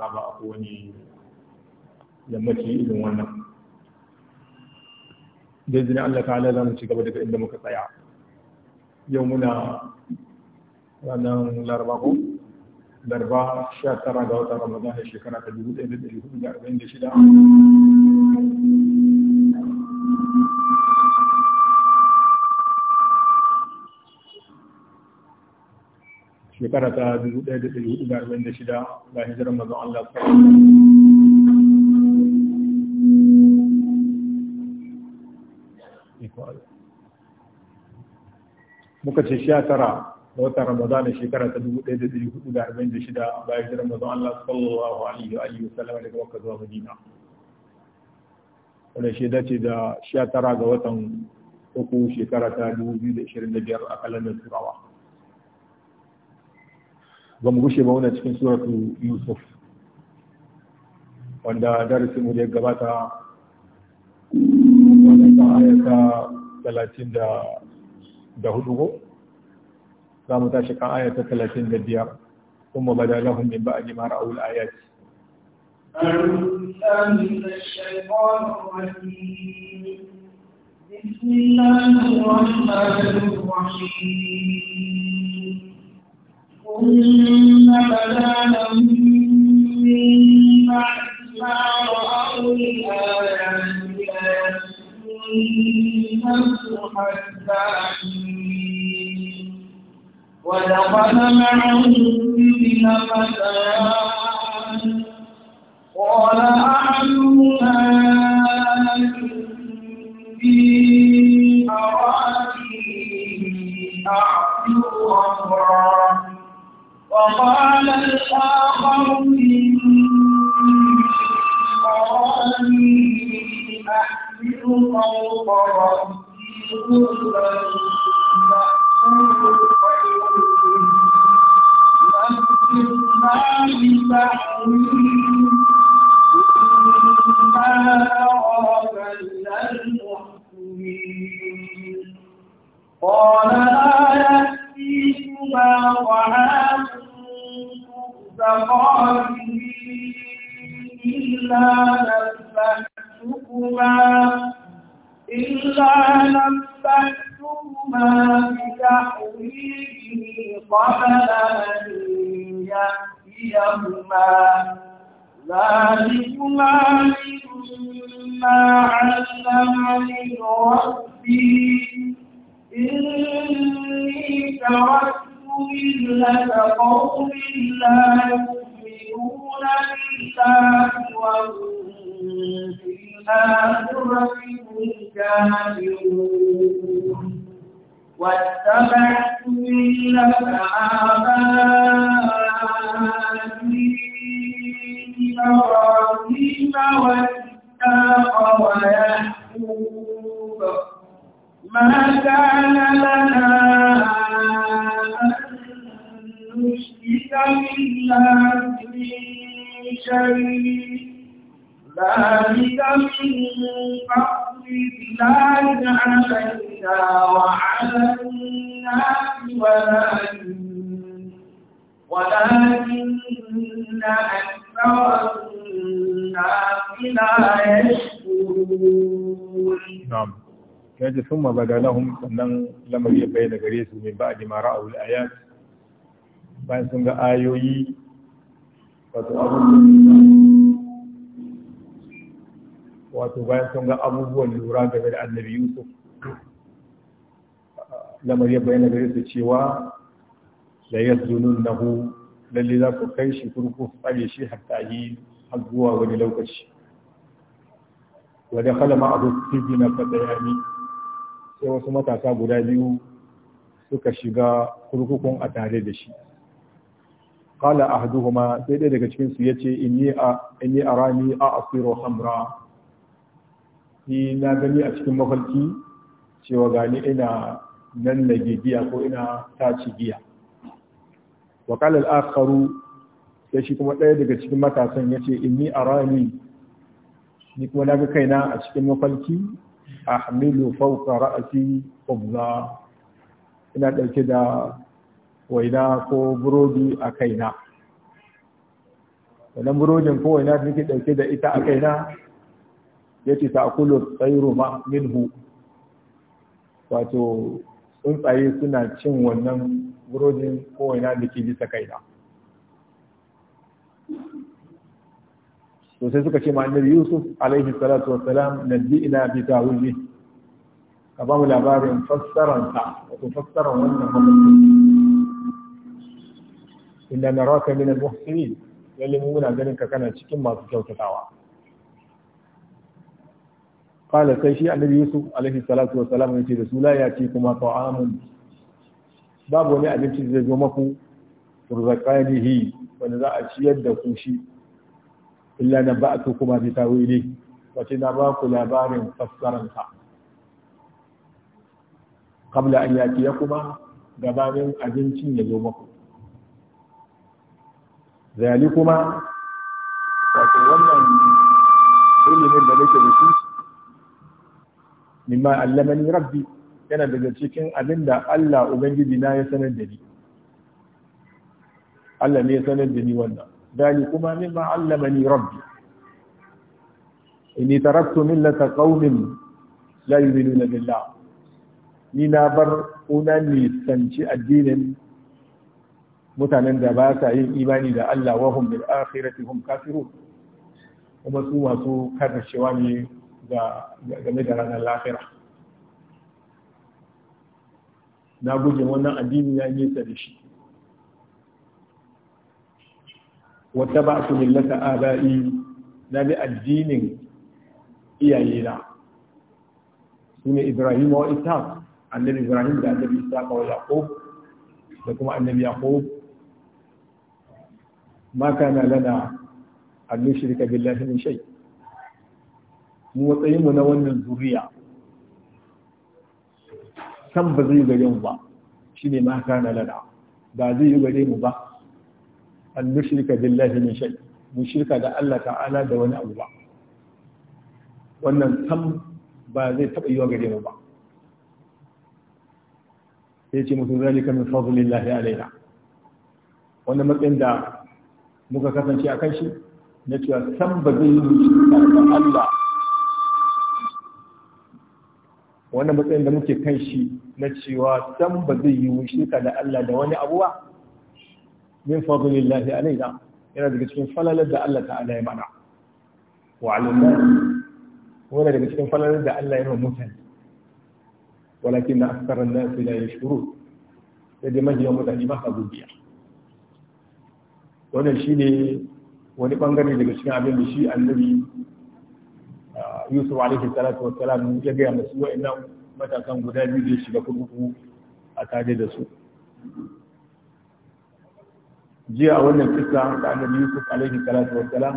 saba a kowane yammaci irin wannan da zina Allah ta halar mu ci gaba daga inda muka tsaya yau muna ranar laraba ko laraba 19 ga watan ramadan shekara ta 1446 shekara ta 1446 ga hijirar mazan Allah muka ce sha tara da watan Ramadan shekara ta 1446 ga hijirar mazan Allah sallallahu alaihi wa alihi daga zuwa Madina da sha tara ga watan uku shekara ta a kalandar turawa ba mu gushe ba cikin suratu yusuf wanda darasin mu da ya gabata wanda ta talatin da hudu ko za mu tashi kan ayata talatin da biyar kuma ba da lahun min ba a jimar aul ayat بسم الله الرحمن الرحيم ثم بدا لهم من بعد ما رأوا الآيات ليسجننه حتى حين ودخل معه السجن فتيان قال ويعقوب ما كان لنا أن نشرك بالله من شيء ذلك من قبل الله علينا وعلى الناس ولكن ولكن أكثر الناس لا يشكرون نعم yace sun mabaga lahum sannan lamari ya bayyana gare su min ma ayat bayan sun ga ayoyi wato wato bayan sun ga abubuwan lura game da annabi Yusuf lamari ya bayyana gare su cewa la yazununnahu lalle za ku kai shi kurkuku tsare shi hatta yi har zuwa wani lokaci wadda kala ma'abu tv na fatsayani sai wasu matasa guda biyu suka shiga kurkukun a tare da shi kala a kuma sai ɗaya daga cikinsu ya ce in yi a rani a asiro hamra ni na gani a cikin mafarki cewa gani ina nan na giya ko ina ta ci giya kala al'akaru sai shi kuma ɗaya daga cikin matasan ya ce inni rani ni kuma na ga kaina a cikin mafarki hamilu fauka Ra'asi khubza ina ɗauke da waina ko burodi a kaina wannan burodin ko waina da nake ɗauke da ita a kaina ce ta akulu tsairu ma minhu wato tsuntsaye suna cin wannan burodin ko waina da ke bisa kaina to sai suka ce ma'anar yusuf alaihi salatu wassalam nabbi'na bi ta'wili ka ba mu labarin fassaran ta wato fassaran wannan mafarki inda na raka minar muhsinin lalle mu muna ganin ka kana cikin masu kyautatawa kala sai shi annabi yusuf alaihi salatu ya ce da sula ya ce kuma ta'amun babu wani abinci zai zo maku turzaqanihi wanda za a ciyar da ku shi illa na ba ka kuma bi wuri wace na ba ku labarin fassaranta kabla an yaki ya kuma gabanin abincin ya zo maku Zayali kuma wato wannan ilimin da nake da shi mimma allamani rabbi yana daga cikin abinda da Allah Ubangiji na ya sanar da ni Allah ne ya sanar da ni wannan dali kuma min mimma allamani rabbi inni taraktu millata qaumin la yu'minuna billah ni na bar unani sanci addinin mutanen da ba sa yin imani da Allah wa hum bil akhirati hum kafirun kuma su masu karkashewa ne ga game da ranar lahira na guje wannan addini ya nesa da shi wata ba su millata aba'i na bi addinin iyaye na? Sune ibrahim wa ishaq annabi ibrahim da annabi ishaq wa yaqub da kuma annabi yaqub ma kana lana an nushrika billahi min shay mu matsayin mu na wannan zuriya san ba zai gare mu ba shine ma kana lana ba zai yi gare mu ba an nushrika billahi min shay mushrika shirka da Allah ta'ala da wani abu ba wannan sam ba zai taba yiwa gare mu ba sai ce musu zalika min fadlillahi alaina wannan matsayin da muka kasance a kan shi na cewa san ba zai yi shirka da Allah wannan matsayin da muke kan shi na cewa san ba zai yi shirka da Allah da wani abu ba min fadlillahi alaina yana daga cikin falalar da Allah ta'ala ya mana wa alimani wanda daga cikin falalar da Allah ya yi mutane walakin na askarar nan su da ya shuru da dai mahiyar mutane ba sa godiya wannan shi ne wani bangare daga cikin abin da shi annabi yusuf alaihi salatu wa ya gaya masu wa'annan matakan guda biyu da shiga kurkuku a tare da su jiya a wannan kisa da annabi yusuf alaihi salatu wassalam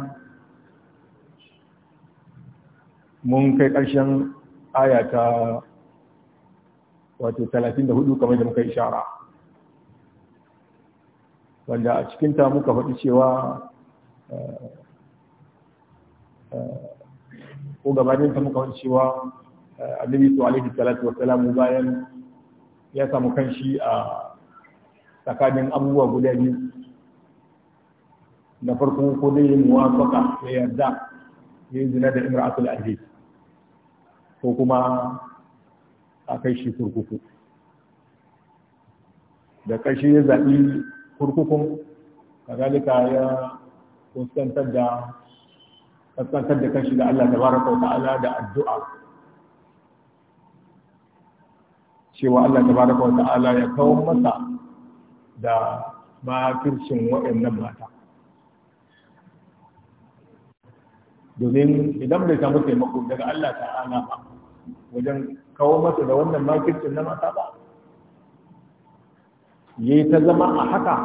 mun kai ƙarshen aya ta wato 34 kamar da muka ishara wanda a cikinta muka faɗi cewa eh, eh, ko ta muka faɗi cewa eh, annabi yusuf alaihi salatu wasalamu bayan ya samu kanshi a tsakanin abubuwa guda biyu na farko ko dai yin muwafaka ya yarda ya yi zina da imra'atul aziz ko kuma a kai shi kurkuku da kashi ya zaɓi kurkukun kazalika ya kuskantar da kaskantar da kashi da Allah tabaraka wa ta'ala da addu'a cewa Allah tabaraka wa ta'ala ya kawo masa da makircin waɗannan mata domin idan bai samu taimako daga Allah ta'ala ba wajen kawo masa da wannan makircin na mata ba yi ta zama a haka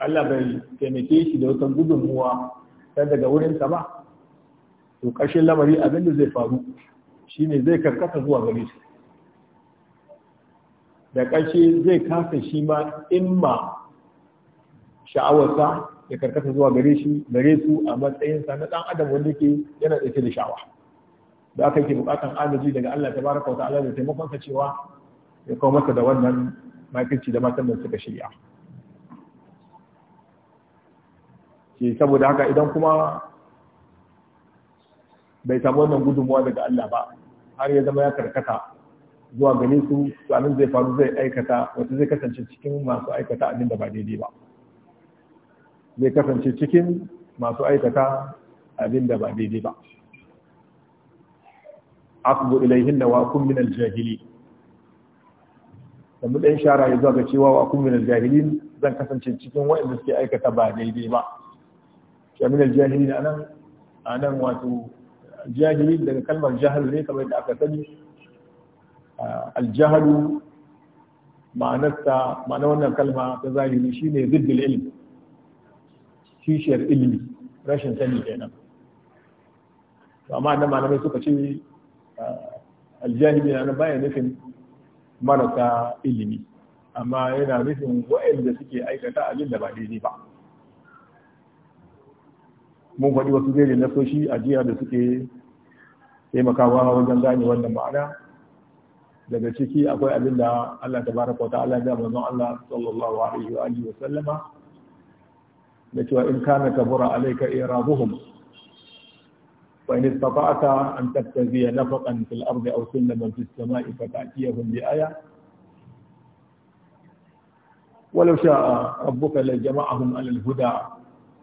Allah bai taimake shi da wata gudunmuwa ta daga wurinsa ba to ƙarshen lamari abin da zai faru shi ne zai karkata zuwa gare shi da ƙarshe zai kasa shi ma in ma sha'awarsa ya karkata zuwa gare shi gare su a matsayin sa na dan adam wanda yake yana da da shawa da aka yake bukatan agaji daga Allah tabaraka wa ta'ala da taimakon sa cewa ya kawo masa da wannan makirci da matan da suka shirya ke saboda haka idan kuma bai samu wannan gudunmuwa daga Allah ba har ya zama ya karkata zuwa gare su to zai faru zai aikata wata zai kasance cikin masu aikata abin da ba daidai ba zai kasance cikin masu aikata abin da ba daidai ba akubu ilaihin da wa minal jahili da shara ya zuwa ga cewa wa minal jahili zan kasance cikin waɗanda suke aikata ba daidai ba shi na nan a nan wato jahili daga kalmar jahal ne kamar da aka sani aljahalu ma'anarsa ma'anar wannan kalma ta zahiri shine ziddil ilm kishiyar ilimi rashin sani kenan amma nan malamai suka ce ah, aljahili na baya nufin marasa ilimi amma yana nufin da suke aikata abin da ba daidai ba mun faɗi wasu jerin nasoshi a jiya da suke taimakawa wajen gane wannan ma'ana daga ciki akwai abin da Allah ta baraka wa ta'ala da manzon Allah sallallahu alaihi wa alihi wa sallama da cewa in kana kabura alayka iraduhum wa in istata'ta an tabtaziya nafaqan fil ardi aw sullaman fis sama'i fata'tiyahum bi aya ولو شاء ربك لجمعهم على الهدى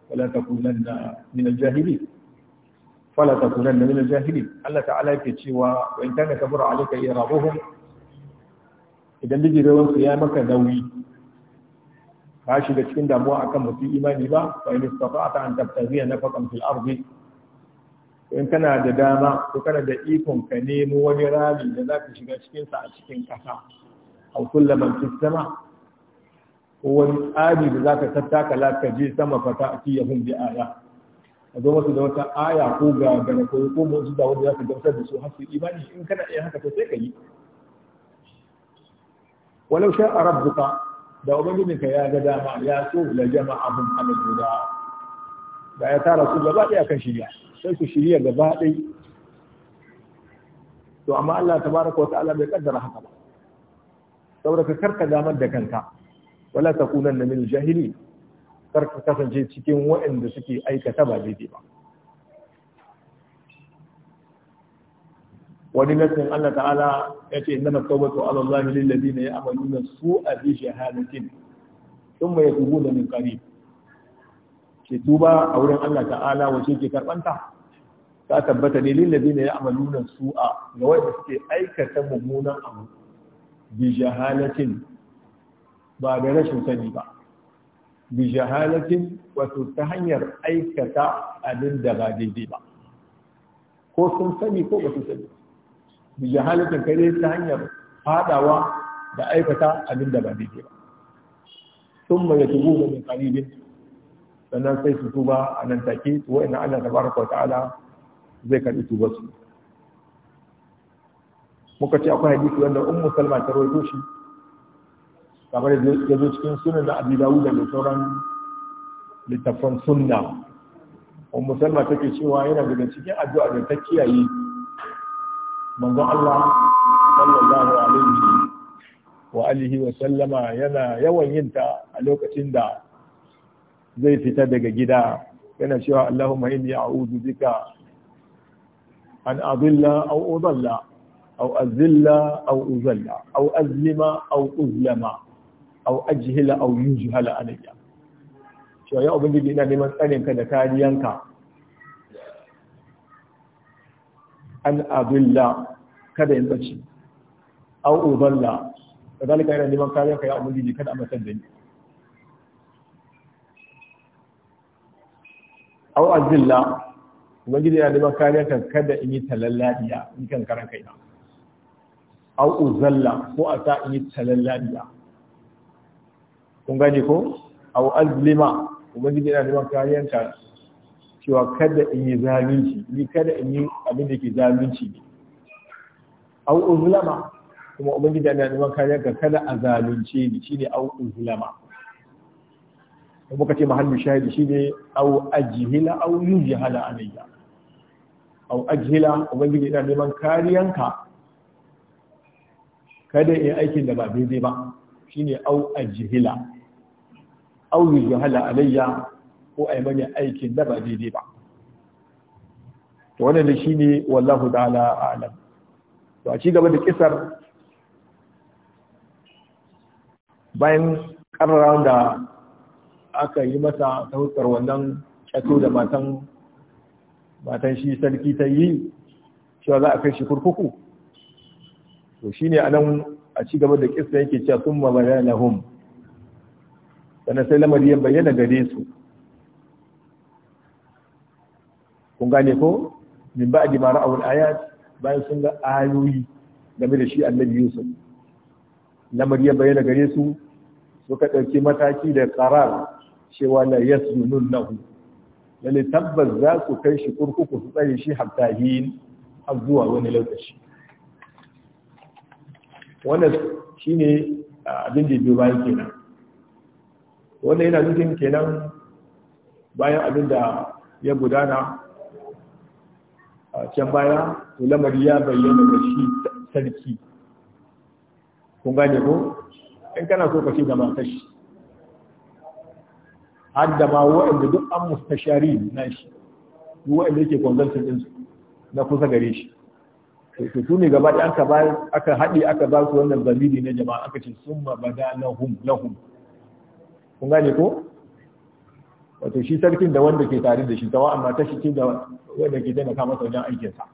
فلا تكونن من الجاهلين فلا تكونن من الجاهلين الله تعالى yake cewa wa in kana kabura alayka iraduhum idan bijirewansu ya maka nauyi Ba shi da cikin damuwa akan musu imani ba fa in istata'ta an tabtaghiya nafaqan fil ardi in kana da dama ko kana da ikon ka nemo wani rami da zaka shiga cikin sa a cikin kasa aw kullaman fis sama ko wani tsari da zaka tattaka la ka je sama fa ta'tiyahum bi aya a zo masu da wata aya ko ga gane ko ko mu da wanda zaka gamsar da su har su imani in kana iya haka to sai ka yi walau sha'a rabbuka da ka ya ga dama ya so la hum ala guda da ya tara su gaba ɗaya kan shirya sai su shirya gaba ɗaya to amma Allah tabaraka wa ta'ala bai kaddara haka ba saboda ka karka damar da kanka wala takunan min jahili karka kasance cikin waɗanda suke aikata ba daidai ba wani nasin Allah ta'ala ya ce inna tawbatu ala Allah lil ladina ya'maluna su'a bi shahadatin thumma yatubuna min qarib ke tuba a wurin Allah ta'ala wace ke karbanta ta tabbata ne lil ladina ya'maluna su'a ga wanda suke aikata mummunan abu bi jahalatin ba da rashin sani ba bi jahalatin wato ta hanyar aikata abin da ba daidai ba ko sun sani ko ba su sani bi jahalatin kai dai ta hanyar fadawa da aikata abin da ba daidai ba sun mai tubu min qaribin sannan sai su tuba a nan take to wa'annan Allah tabaraka wa ta'ala zai karbi tuba su muka ce akwai hadisi wanda ummu salma ta rawaito shi kamar ya zo cikin sunan da abi dawud da sauran littafan sunna ummu salma take cewa yana daga cikin addu'a da ta kiyaye manzon Allah sallallahu alaihi wa alihi wa sallama yana yawan yin ta a lokacin da zai fita daga gida yana cewa Allahumma inni a'udhu bika an adilla aw udalla aw azilla aw uzalla aw azlima aw uzlama aw ajhila aw yujhala alayya cewa ya ubangiji ina neman tsarin ka da kariyanka an abilla kada in bace au uballa da zalika yana neman kariya kai abin jiji kada a matar da ni au azilla ubangiji yana neman kariya kan kada in yi talalladiya in kan karan kai na au uzalla ko a sa in yi talallaliya. kun gani ko au azlima ubangiji yana neman kariya kan cewa kada in yi zalunci ni kada in yi abin da ke zalunci ne au uzlama kuma gida ana neman kariya ka kada a zalunce ni shine au uzlama in muka ce mahallin shahidi shine au ajhila au yujhala alayya au ajhila gida yana neman ka kada in yi aikin da ba daidai ba shine au ajhila au yujhala alayya ko a yi mani aikin da ba daidai ba to wannan shi ne wallahu ta'ala alam to a ci da kisar bayan karraran da aka yi masa ta huskar wannan kyato da matan matan shi sarki ta yi cewa za a kai shi kurkuku to shi ne a nan a ci da kisa yake cewa sun mabayana hum sannan sai lamari ya bayyana gare su kun gane ko min ji mara awul ayat bayan sun ga ayoyi game da shi annabi Yusuf lamari ya bayyana gare su suka ɗauki mataki da karar cewa la yasunun lahu lalle tabbas za su kai shi kurkuku su tsare shi hattahin har zuwa wani lokaci wannan shine abin da biyo bayan kenan wannan yana nufin kenan bayan abin da ya gudana can baya to ya bayyana da shi sarki kun gane ko in kana so ka ce da matar shi har da ma waɗanda duk an mustashari na shi duk waɗanda yake kwanzantar ɗinsu na kusa gare shi to su ne gaba ɗaya aka ba aka haɗe aka ba su wannan zamiri na jama'a aka ce summa bada lahum lahum kun gane ko wato shi sarkin da wanda ke tare da shi tawa amma ta shi da wanda ke taimaka masa wajen aikinsa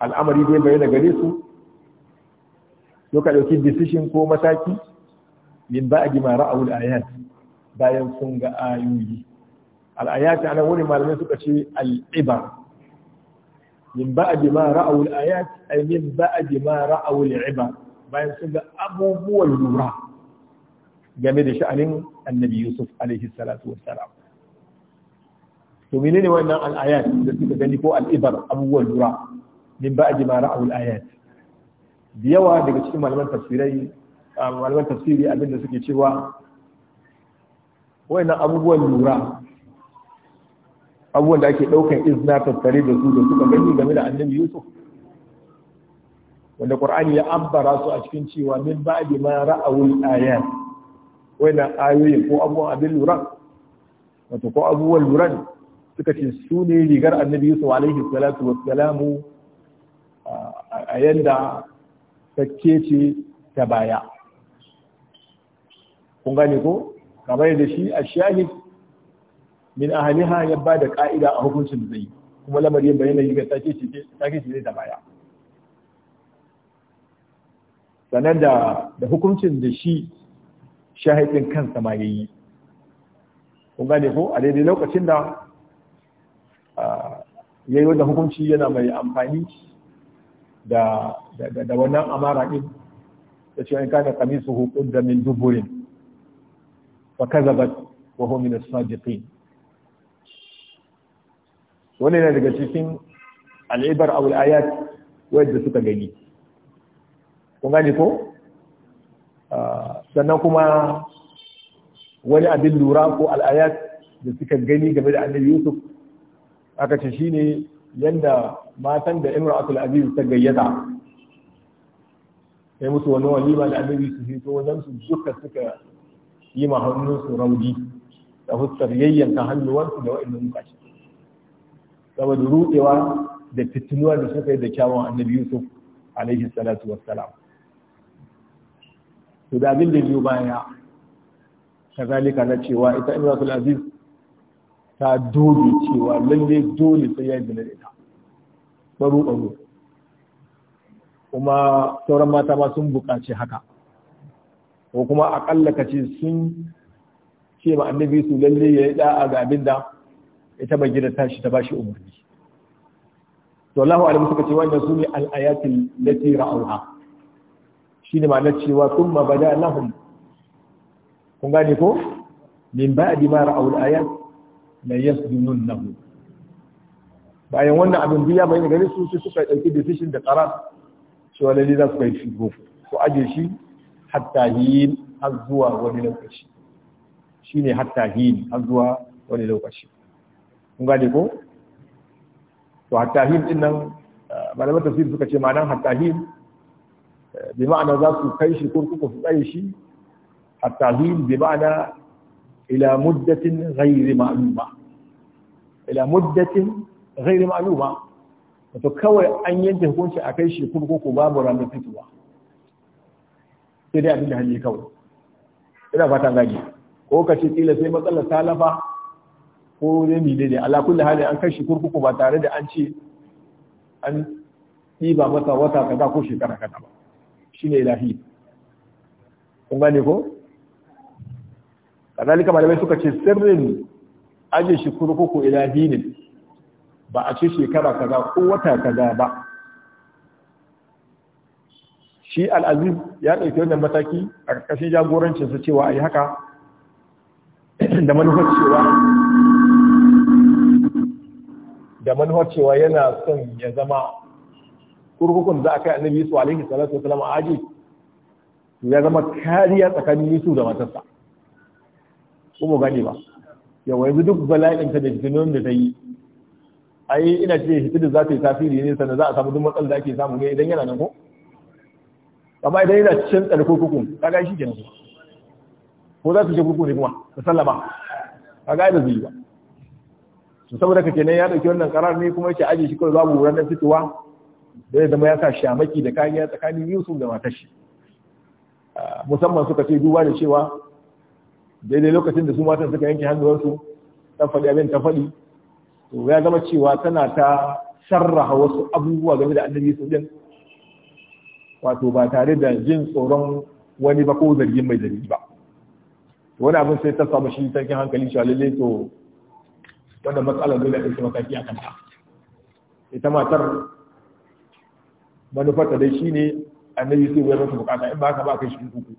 al'amari dai bai da gare su yau ɗauki decision ko mataki min ba a gima ra'awul ayat bayan sun ga ayoyi al'ayat ana wani malamin suka ce al'iba. min ba a gima ra'awul ayat ay min ba a gima ra'awul ibar bayan sun ga abubuwan lura game da sha'anin annabi yusuf alaihi salatu wassalam to menene wannan al'ayat da suka gani ko al'ibar abubuwan lura min ba a ji mara abu al'ayat da yawa daga cikin malaman tafsirai malaman tafsiri abinda suke cewa wannan abubuwan lura abubuwan da ake daukan izna tattare da su da suka gani game da annabi yusuf wanda qur'ani ya ambara su a cikin cewa min ba'di ma ra'awul ayat wannan ayoyi ko abubuwan abin lura wato ko abubuwan lura suka ce su ne rigar annabi yusuf alaihi salatu salamu a yanda sakke ce ta baya kun gane ko kamar da shi a shahid min ahaliha ya ba da ka'ida a hukuncin zai kuma lamarin bayyana yi ga sake ce zai ta baya sannan da hukuncin da shi shahidin kansa ma yayi kun gane ko a daidai lokacin da yayi wanda hukunci yana mai amfani da da wannan amara din da cewa in kana hukun da min duburin fa kadhabat wa huwa min as-sadiqin yana daga cikin al'ibar awul ayat wadda suka gani kun gane ko sannan kuma wani abin lura ko al'ayat da suka gani game da annabi yusuf aka ce shine yadda matan da imra'atul aziz ta gayyata sai musu wani walima da annabi su fito wajen su duka suka yi ma hannunsu raudi da huskar yayyanka hannuwansu da wa'annan mukaci saboda rudewa da fitinuwa da suka yi da kyawun annabi yusuf alaihi salatu wassalam to da abin da biyu baya kazalika na cewa ita imratul aziz ta doge cewa lalle dole sai ya yi zina ita ɓaru baro kuma sauran mata ma sun buƙaci haka ko kuma aƙalla ka ce sun ce ma annabi su lalle ya yi ɗa'a ga abin da ita ba gida tashi ta ba shi umarni to Allahu alim suka ce wannan sune al-ayatil lati ra'awha shine ma'anar cewa thumma bada lahum kun gane ko min ba'di ma ra'awul ayat bayan wannan abin biya mai gari su su suka dauki decision da qarar cewa lalle za su kai shi gofu ko aje shi hatta hin har zuwa wani lokaci shine hatta hin har zuwa wani lokaci kun gane ko to hatta hin din nan eh, malaman tafsir suka ce ma'anar hatta hin eh, bi ma'ana za su kai shi kurkuku su tsaye shi hatta hin bi ma'ana ila muddatin ghairi ma'lumah ila muddatin ghairi ma'luma wato kawai an yanke hukunci a kai ko ko babu ranar fitowa sai dai abin da hali kawai ina fata gaji ko ka ce kila sai matsalar ta lafa ko ne mi ne ala kulli hali an kai shi ko ba tare da an ce an ɗiba masa wata kaza ko shekara kaza ba shine ilahi kun gane ko kazalika malamai suka ce sirrin Ajiye shi kurkuku ila dinin ba a ci shekara kaza ko wata kaza ba shi al'aziz ya ɗauki wannan mataki a ƙarƙashin jagorancinsa cewa a yi haka da manufar cewa da manufar cewa yana son ya zama kurkukun za a kai annabi yusuf alaihi salatu wasalam a aji ya zama kariya tsakanin yusuf da matarsa ko mu gane ba yawai bi duk ta da jinon da ta yi ai ina ce hitidu za ta yi tasiri ne sannan za a samu duk matsalar da ake samu ne idan yana nan ko amma idan yana cikin tsarko ka ga shi kenan ko za su je kuku ne kuma ta sallama ga da zai ba to saboda ka kenan ya dauki wannan karar ne kuma yake aje shi kawai babu ranar fitowa da ya zama ya sa shamaki da kariya tsakanin Yusuf da matar shi ah, musamman suka ce duba da cewa daidai lokacin da su matan suka yanke hannuwarsu ta faɗi abin ta faɗi to ya zama cewa tana ta sharraha wasu abubuwa game da annabi su din wato ba tare da jin tsoron wani ba ko zargin mai zargi ba wani abin sai ta samu shi sarkin hankali shi alele to wanda matsala dole ɗauki mataki a kanta ita matar manufarta dai shine annabi su yi masa bukata in ba ka ba kai shi uku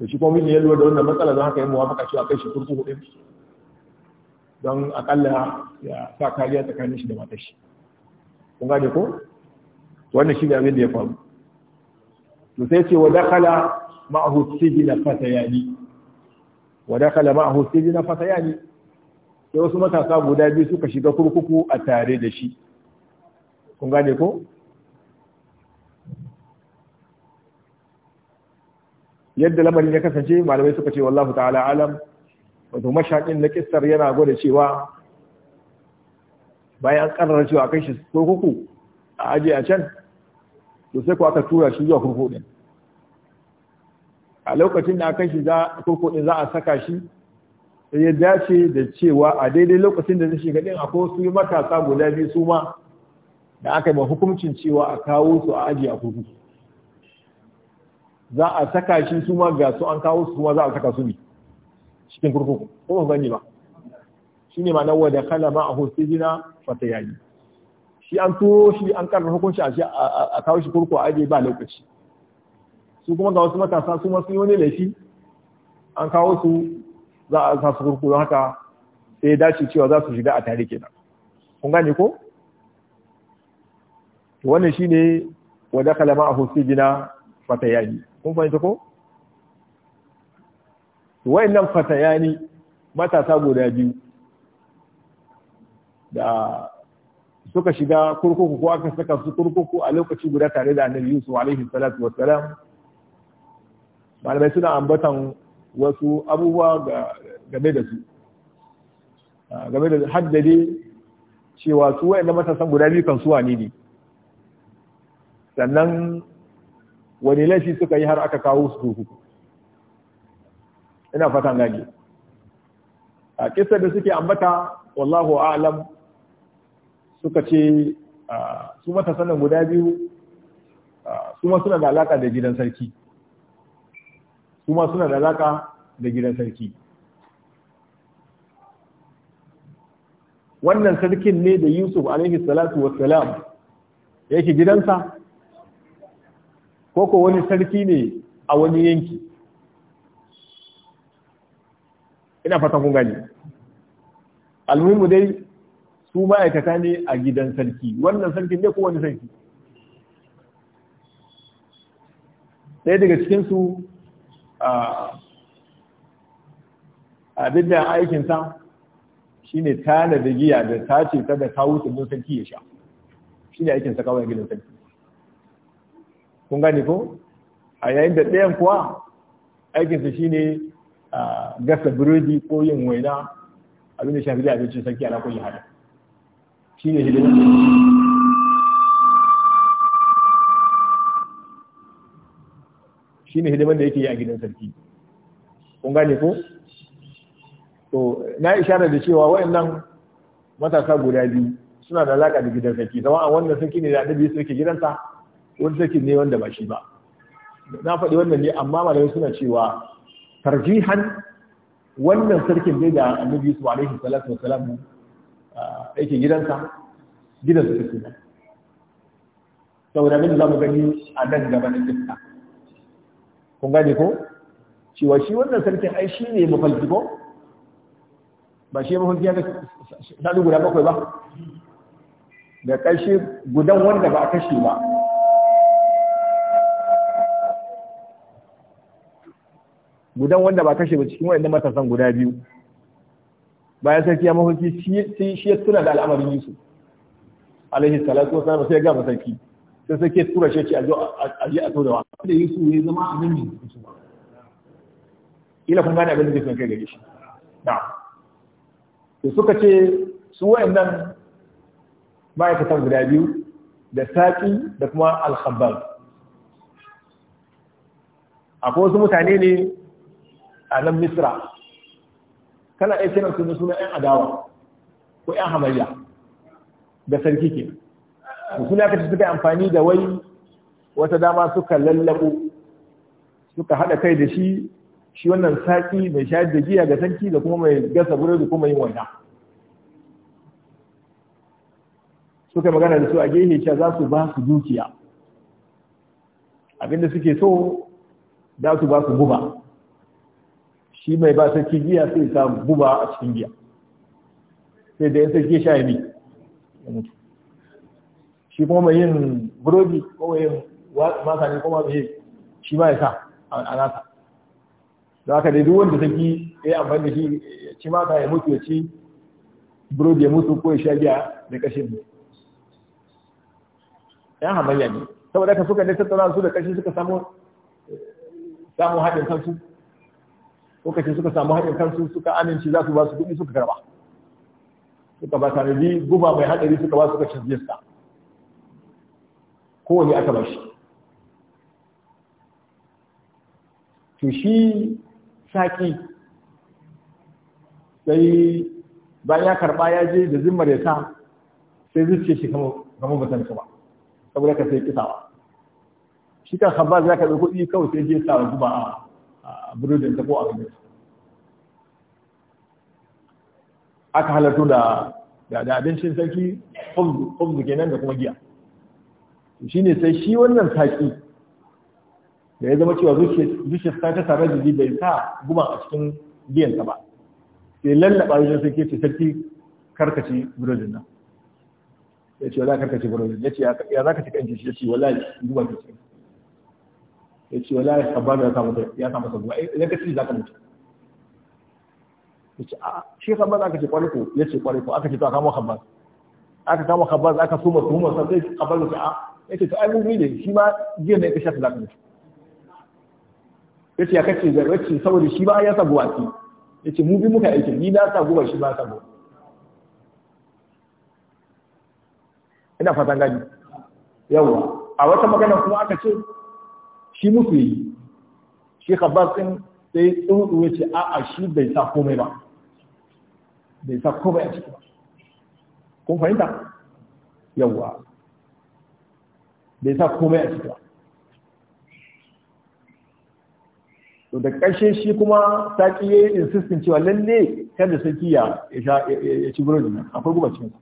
da shi kuma ne ya lura da wannan matsala don haka ya muwafaka cewa kai shi kurkuku din don akalla ya sa kariya tsakanin shi da matar shi kun gane ko wannan shi ne abin da ya faru to sai ce wa dakala ma'ahu sijina fatayani wa dakala ma'ahu fata yani sai wasu matasa guda biyu suka shiga kurkuku a tare da shi kun gane ko yadda lamarin ya kasance malamai suka ce wallahu ta'ala alam wato mashaƙin na kistar yana gwada cewa bayan an karrara cewa kai shi kurkuku a aje a can to sai ko aka tura shi zuwa kurkuku din a lokacin da aka shi za kurkuku din za a saka shi sai ya dace da cewa a daidai lokacin da zai shiga din akwai su matasa guda biyu su ma da aka yi ma hukuncin cewa a kawo su a aje a kurkuku za a saka shi su ma ga su an kawo su kuma za a saka su ne cikin kurkuku ko ba gani ba shi ne ma'anar wadda kala ma a hostejina fata yayi shi an turo shi an karfa hukunci a kawo shi kurkuku a ajiye ba lokaci su kuma ga wasu matasa su masu yi wani laifi an kawo su za a sa su kurkuku don haka sai dace cewa za su shiga a tare kenan kun gane ko wannan shine wadda kala ma a hostejina fata yayi kun fahimta ko wayannan fatayani matasa guda biyu da suka shiga kurkuku ko aka saka su kurkuku a lokaci guda tare da annabi Yusuf alaihi salatu wassalam malamai suna ambatan wasu abubuwa game da su game da haddade cewa su wayannan matasan guda biyu kan suwa ne ne sannan wani laifi suka yi har aka kawo su duhu ina fatan gani a kisa da suke ambata wallahu a'lam suka ce su mata sanin guda biyu su ma suna da alaka da gidan sarki su ma suna da alaka da gidan sarki wannan sarkin ne da yusuf alaihi salatu wassalam yake gidansa ko ko wani sarki ne a wani yanki ina fatan kun gani almuhimu dai su ma'aikata ne a gidan sarki wannan sarki ne ko wani sarki Sai daga cikinsu a abinda aikinsa shi ne tana da giya da tace ta da kawo sabbin sarki ya sha shi ne aikinsa kawai gidan sarki kun gane ko a yayin da ɗayan kuwa aikinsa shine gasa burodi ko yin waina abin da shafi da abincin sarki ala kulli hada shine shi ne hidiman da yake yi a gidan sarki kun gane ko to na ishara da cewa wayannan matasa guda biyu suna da alaka da gidan sarki zama a wannan sarki ne da adabi sarki gidansa wani sakin ne wanda ba shi ba na faɗi wannan ne amma malamai suna cewa tarjihan wannan sarkin dai da annabi su alaihi salatu wasalam ah, yake gidansa gidansa take nan saboda abin za mu gani a nan gaba na jinta kun gane ko cewa shi wannan sarkin ai shi ne mafalki ko ba shi mafalki ya ga sadu guda bakwai ba da ƙarshe gudan wanda ba a kashe ba gudan wanda ba kashe ba cikin wayannan matasan guda biyu bayan sarki ya mafarki shi ya tuna da al'amarin Yusuf alaihi salatu wa salam sai ya ga sarki sai sai ya tura shi ce a zo a je a to da wa da Yusuf ya zama a annabi ila kun gane abin da zai kai gare shi Da. suka ce su wayannan ma'aikatan guda biyu da saƙi da kuma alhabbal. akwai wasu mutane ne a nan misra kana iya kiran su suna yan adawa ko yan hamayya da sarki ke suna ka suka amfani da wai wata dama suka lallabo suka haɗa kai da shi shi wannan saƙi mai shayar da jiya ga sarki da kuma mai gasa da kuma yin wanda suka magana da su a gehe cewa za su ba su dukiya abinda suke so za su ba su guba shi mai ba sarki giya sai ta guba a cikin giya sai da ya sarki sha yi shi kuma mai yin burodi ko mai yin masa ne kuma mai shi ma ya sa a nasa da aka dai duk wanda sarki ya amfani da shi ya ci masa ya mutu ya ci burodi ya mutu ko ya sha giya da kashin yan hamayya ne saboda ka suka ne tattara su da kashi suka samu samu haɗin kansu lokacin suka samu haɗin kansu suka amince za su ba su kuɗi suka karɓa suka ba tanadi guba mai haɗari suka ba suka cin zista kowane aka ba shi to shi saki sai bayan ya karɓa ya je da zimmar ya sa sai zuciya shi kama batan ba saboda ka sai kisawa shi kan habba za ka ɗauki kuɗi kawai sai je sa guba a a ta ko a aka halartu da da abincin sarki khubzu kenan da kuma giya shi ne sai shi wannan saki da ya zama cewa zuciya ta ta tare da ji bai sa guba a cikin giyansa ba sai lallaba wajen sai ke ce sarki karkaci burodin nan ya ce za karkaci burodin ya ce ya za ka ci kanci shi ya ce wallahi guba ke cikin ya ce wala ya da ya samu ya samu sabuwa eh, idan ka ci za ka mutu ya ce a shi khabbaz aka ce kwarai ko ya ce kwaliko ko aka ce ta aka kamo khabbaz aka kama khabbaz aka suma tuhuma sa sai khabbaz ya ce a ya ce to ai mun ne shi ma jiya ne ka shafi za ka mutu ya ce ya kace zai wacce saboda shi ba ya sabuwa ki ya ce mu bi muka aikin ni na sabuwa shi ba sabuwa ina fatan gani yawa a wata magana kuma aka ce shi musu yi shi Abbas din sai tsuntsu ya ce a'a shi bai sa komai ba bai sa komai a ciki ba kun fahimta yawwa bai sa komai a ciki ba to da ƙarshe shi kuma saki ya yi insistin cewa lalle kada saki ya ci burodi nan akwai guba cikin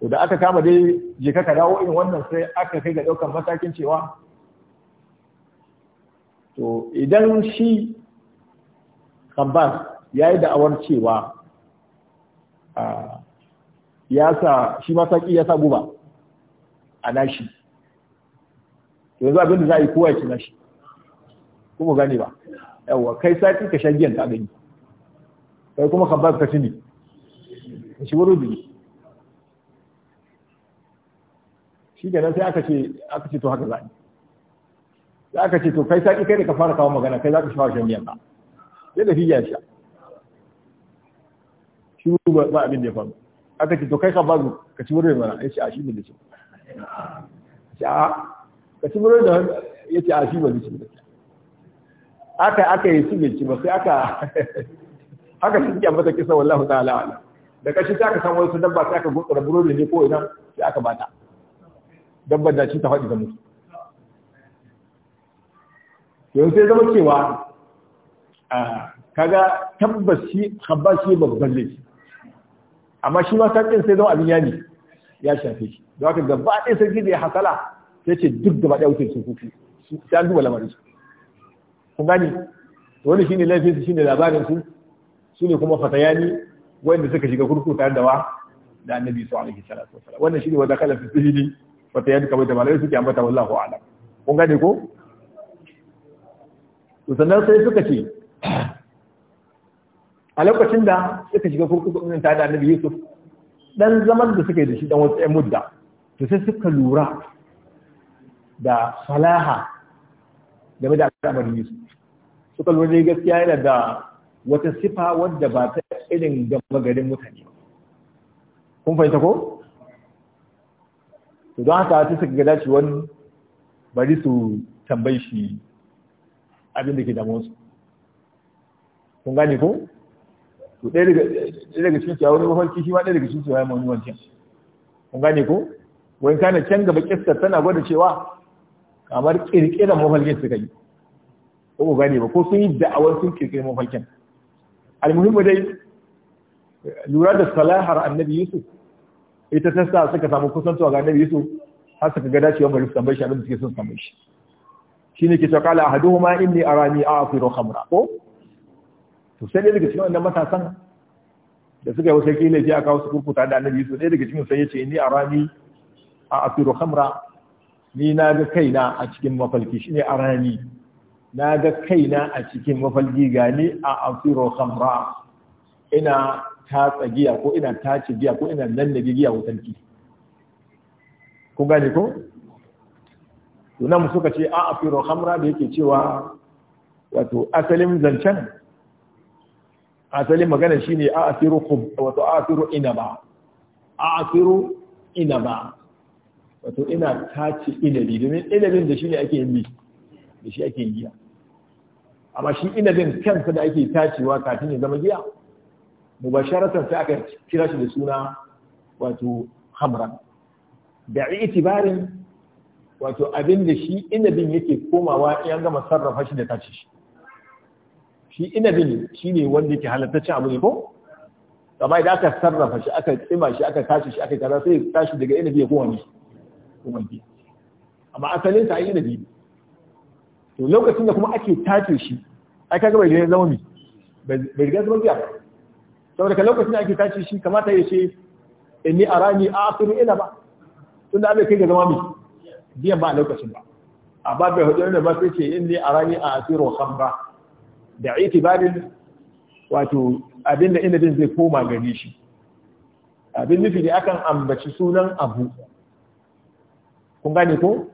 to da aka kama dai je ka dawo irin wannan sai aka kai ga ɗaukar matakin cewa to idan shi Abbas ya yi da'awar cewa ya sa shi ma saƙi ya sa guba a nashi to yanzu abin da za a yi kowa ya ci nashi kuma gane ba yawwa kai saƙi ka sha giyan ta gani kai kuma kabbas ka shi ne shi wuri biyu shi ganin sai aka ce to haka za a yi sai aka ce to kai saki kai da ka fara kawo magana kai za ka shawar shan miyan sai da fiya sha shi ba abin da ya faru aka ce to kai ka bazu ka ci wurin mana ya ce a shi ne da shi ka ci wurin da ya ce a shi ba da shi aka aka yi su bai ci ba sai aka haka sun kyan mata kisa wallahu ta'ala ala da kashi ta aka samu wasu dabba sai aka gutsura burodi ne ko idan sai aka bata dabbar da ci ta faɗi ta mutu yau sai zama cewa kaga tabbas shi habba shi babban ne amma shi ma ɗin sai zama abin yami ya shafe shi don haka gaba ɗaya sarki da ya hasala sai ce duk gaba ɗaya wuce su kuku sai an duba lamarin su kun gani wani shine laifin su shine labarin su su ne kuma fatayani wanda suka shiga kurkuku tare da wa da annabi su alaihi salatu wasallam wannan shine wanda kala fi sihiri fatayani kamar da malai suke ambata wallahu a'lam kun gani ko sannan sai suka ce a lokacin da suka shiga kurkuku ɗin tare da annabi yusuf dan zaman da suka yi da shi dan wasu ɗan mudda to sai suka lura da falaha game da al'amarin yusuf suka lura da gaskiya yana da wata sifa wadda ba ta irin gama garin mutane kun fahimta ko to don haka sai suka gada shi wani bari su tambayi shi abin da ke damuwarsu kun gane ko to ɗaya daga cikin ciyawa wani mafarki shi ma ɗaya daga cikin ya mai wancan kun gane ko wani kana can gaba kistar tana gwada cewa kamar ƙirƙirar mafarkin suka yi ko ku gane ba ko sun yi da'awar sun ƙirƙiri mafarkin almuhimmu dai lura da salahar annabi yusuf ita ta sa suka samu kusantuwa ga annabi yusuf har suka ga dacewa bari su tambaye shi abin da suke son tambaye shi shine ke cewa kala ahaduhuma inni arani a'firu khamra ko to sai dai daga cikin wannan matasan da suka yi wasu kila ji aka wasu kurkuta da annabi su dai daga cikin sai ce inni arani a'firu khamra ni na ga kaina a cikin mafalki shine arani na ga kaina a cikin mafalki gani a'firu khamra ina tatsa giya ko ina tace giya ko ina nan da giya wutanki kun gane ko tunan suka ce a afiro hamra da yake cewa wato asalin zancen asalin magana shine a asiru wato a asiru inaba a ina inaba wato ina tace inabi domin inabin da shi ne ake yin da shi ake giya amma shi inabin kansa da ake tacewa kafin ya zama giya mu mubasharatan sai aka kira shi da suna wato hamra da itibarin wato abin da shi inabin yake komawa ya gama sarrafa shi da tace shi shi inabin shi ne wanda yake halattacin abu ne ko amma idan aka sarrafa shi aka tsima shi aka tace shi aka kaza sai ya tashi daga inabi ya koma ne kuma bi amma asalin sa inabi ne to lokacin da kuma ake tace shi ai kaga bai zama mi bai riga zama biya saboda ka lokacin da ake tace shi kamata ya ce inni arani a asiru ina ba tunda abai kai ga zama mi biyan ba a lokacin ba a babin hujjar da ba sai ce inni a rani a asiro khamra da babin wato abin da inabin zai koma gani shi abin nufi da akan ambaci sunan abu kun gane ko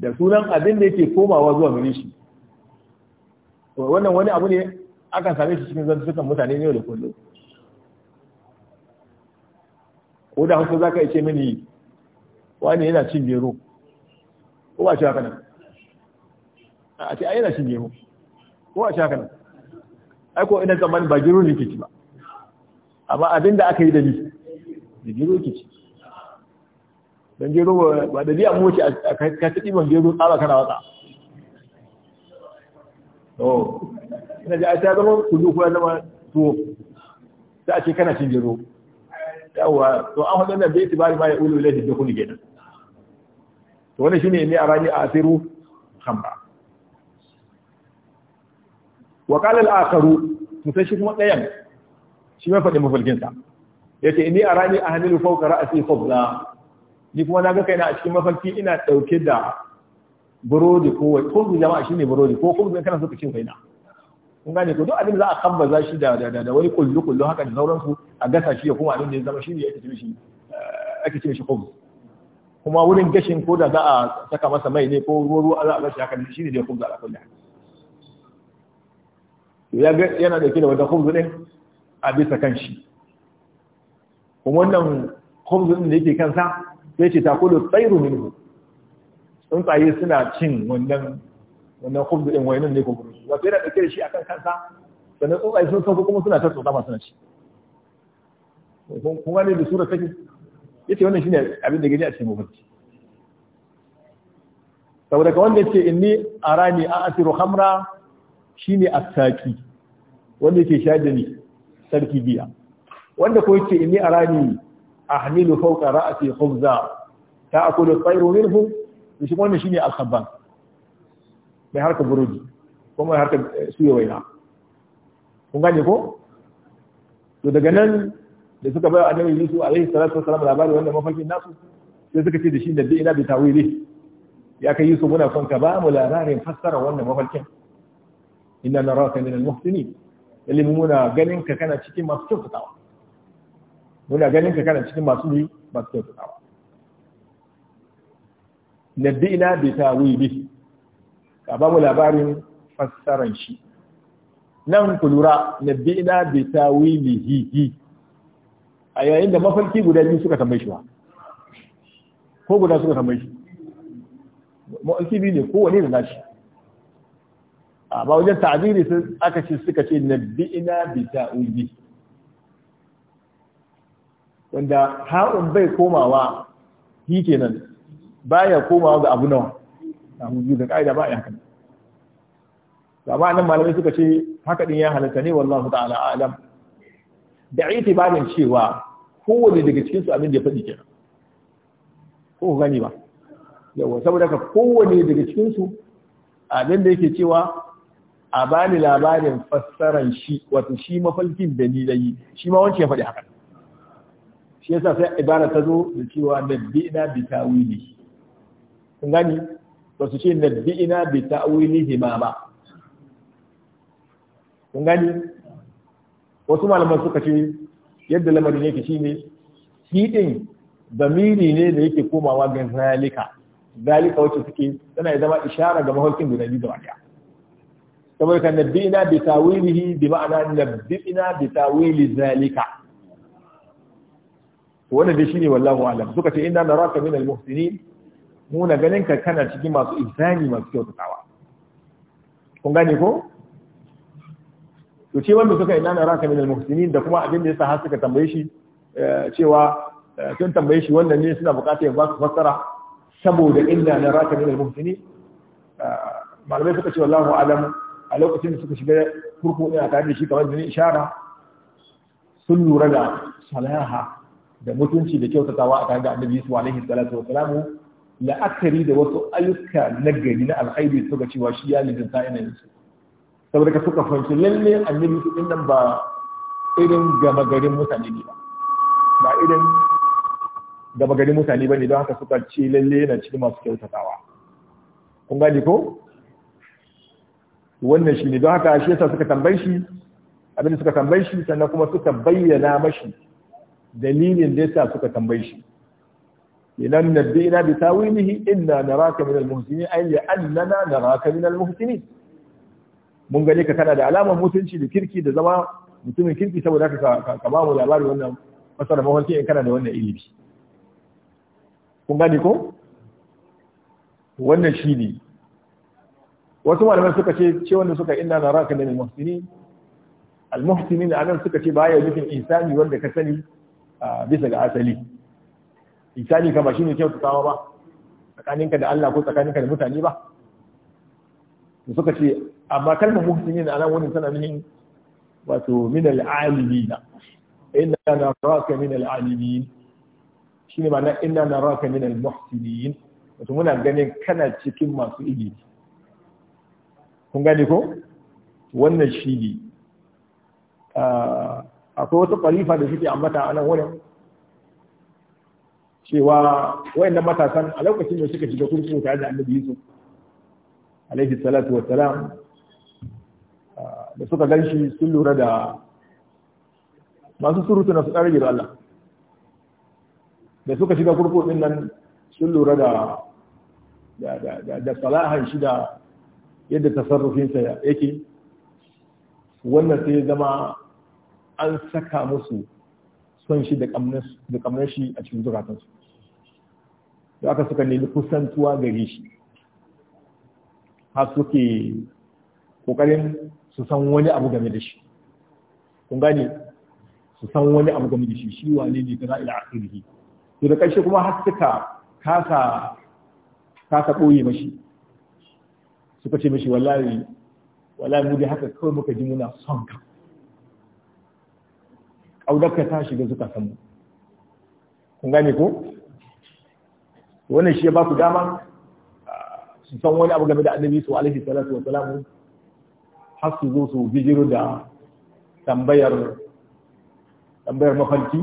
da sunan abin da yake komawa zuwa gani shi wannan wani abu ne akan same shi cikin zantukan mutane ne da kullum ko da hanko za ka ce mini wani yana cin gero ko ba shi haka nan a ce ayyana shi gemu ko a shi haka nan ai ko ina tsammanin ba gero ne kici ba amma abin da aka yi da ni da gero kici dan gero ba da biya mu a ka taɗi ban gero tsaba kana watsa to ina ji a ta zama kudu ko zama tuwo sai a ce kana cin gero yawwa to an hudu da bai tibari ma ya ulu ilaihi da kulli kenan to wannan shine ne arani a asiru khamra wa qala al-akharu mutai shi kuma dayan shi ma fadi mafalkin sa yace inni arani ahmilu fawqa ra'si fadla ni kuma naga kaina a cikin mafalki ina dauke da burodi ko wai ko jama'a shine burodi ko kuma kana so ka cin kaina kun gane ko duk abin za a kambaza shi da da da wani kullu kullu haka da sauransu a gasa shi ya kuma abin da ya zama shi ne tafi shi ake ce eh, shi khubz kuma wurin gashin ko da za a saka masa mai ne ko ruwa ruwa za a gashi haka shi ne da kuma zara kulle ya ga yana dauke da wata khubz ne a bisa kan shi kuma wannan khubz ne da yake kansa sai ce ta kullu tsairu minhu tsuntsaye suna cin wannan wannan khubz din ne ko kuma Wata yana dauke da shi akan kansa sannan tsuntsaye sun sauko kuma suna ta masu na da sura take yace wannan shine abin da gani a cikin mafarki saboda ka wanda yace inni arani a asiru khamra shine asaki wanda yake shayar ni sarki biya wanda ko yace inni arani ahmilu fawqa ra'si khubza ta at-tayru minhu shi wannan shine al-khabban mai harka burodi ko mai harka eh, suya kun gane ko to daga nan da suka bayar annabi Yusuf alaihi salatu wassalam labari wanda mafakin nasu sai suka ce da shi da bi ina bi tawili ya kai Yusuf muna son ka ba mu labarin fassara wannan mafakin inna naraka min al-muhsinin mu muna ganin ka kana cikin masu kyautatawa muna ganin ka kana cikin masu yi masu kyautatawa da bi tawili ka ba mu labarin fassaran shi nan ku lura nabina bi hihi a yayin da mafarki guda biyu suka tambaye shi ba ko guda suka tambaye shi mafarki biyu ne kowane da nashi a ba wajen ta'aziri sun aka ce suka ce nabbi'ina bi ta'ubi wanda ha'un bai komawa shi kenan baya komawa ga abu nawa na hujju da ka'ida ba a yakan Ba ba nan malamai suka ce haka din ya halatta ne wallahu ta'ala alam da itibarin cewa kowane daga cikinsu abin da ya faɗi kenan ko gani ba yawa saboda ka kowane daga cikinsu abin da yake cewa a bani labarin fassaran shi wato shi mafalkin da ni nayi shi ma wancan ya faɗi haka shi yasa sai ibara ta zo da cewa nabbi'ina bi tawili kun gani ba su ce nabbi'ina bi tawilihi ma ba kun gani wasu malaman suka ce yadda lamarin yake shine shi din zamiri ne da yake komawa ga zalika zalika wacce suke tana zama ishara ga mahaukin guda biyu gaba daya saboda kan nabbina bi tawilihi bi ma'ana nabbina bi tawili zalika wannan dai shine wallahu alam suka ce inna naraka min al muhsinin nuna ganin ka kana cikin masu ihsani masu kyautatawa kun gane ko to ce wanda suka ina na raka minal muhsinin da kuma abin da yasa har suka tambaye shi eh, cewa eh, sun tambaye shi wannan ne suna bukatar ya ba fassara saboda inna na raka minal muhsinin eh, malamai suka ce wallahu alam a lokacin da suka shiga kurkuku ɗin a tare da shi kamar da ishara sun lura da salaha da mutunci da kyautatawa a tare da annabi Yusuf alaihi salatu wa salamu la'akari da wasu ayyuka na gari na alkhairi suka cewa shi ya lizinta sa'ina yusuf saboda ka suka fahimci lalle annabi su din nan ba irin gama garin mutane ne ba ba irin gama garin mutane ba ne don haka suka ce lalle yana cikin masu kyautatawa kun gani ko wannan shi ne don haka shi yasa suka tambaye shi abinda suka tambaye shi sannan kuma suka bayyana mashi dalilin da yasa suka tambaye shi idan nabbi ina bi tawilihi inna naraka min al-muhsinin ay li annana naraka min al-muhsinin mun gane ka kana da alamar mutunci da kirki da zama mutumin kirki saboda haka ka ba mu labari wannan masara mafarki in kana da wannan ilimi kun gane ko wannan shi ne wasu malamai suka ce ce wanda suka inna na raka da muhsini al-muhsini da anan suka ce baya nufin insani wanda ka sani bisa ga asali insani kama shine kyautatawa ba tsakaninka da Allah ko tsakaninka da mutane ba suka ce amma kalmar muhsinin a nan wurin tana nihin wato min na inna na raka min al'alimin Shi ma'ana inna na raka min al wato muna ganin kana cikin masu ilimi kun gani ko wannan shi ne ah, akwai wata kwalifa da suke ambata a nan wurin cewa wayannan matasan a lokacin da suka shiga kurkuku tare da annabi Yusuf alaihi salatu salam. da suka gan shi sun lura da masu surutu na su tsara da Allah da suka shiga kurkuku din nan sun lura da da salahan shi da yadda tasarrufinsa yake wannan sai zama an saka musu son shi da kamnar shi a cikin zukatansu da aka suka nemi kusantuwa gare shi har suke kokarin su san wani abu game da shi kun gane su san wani abu game da shi shi wane ne kaza ila akhirih to da kashi kuma har suka kasa kasa koyi mashi suka ce mashi wallahi wallahi mu dai haka kawai muka ji muna son ka ƙaudarka ta shiga zuka samu kun gane ko wannan shi ya ba ku dama su san wani abu game da annabi su alaihi salatu wa salamu har su zo su bijiro da tambayar tambayar mafarki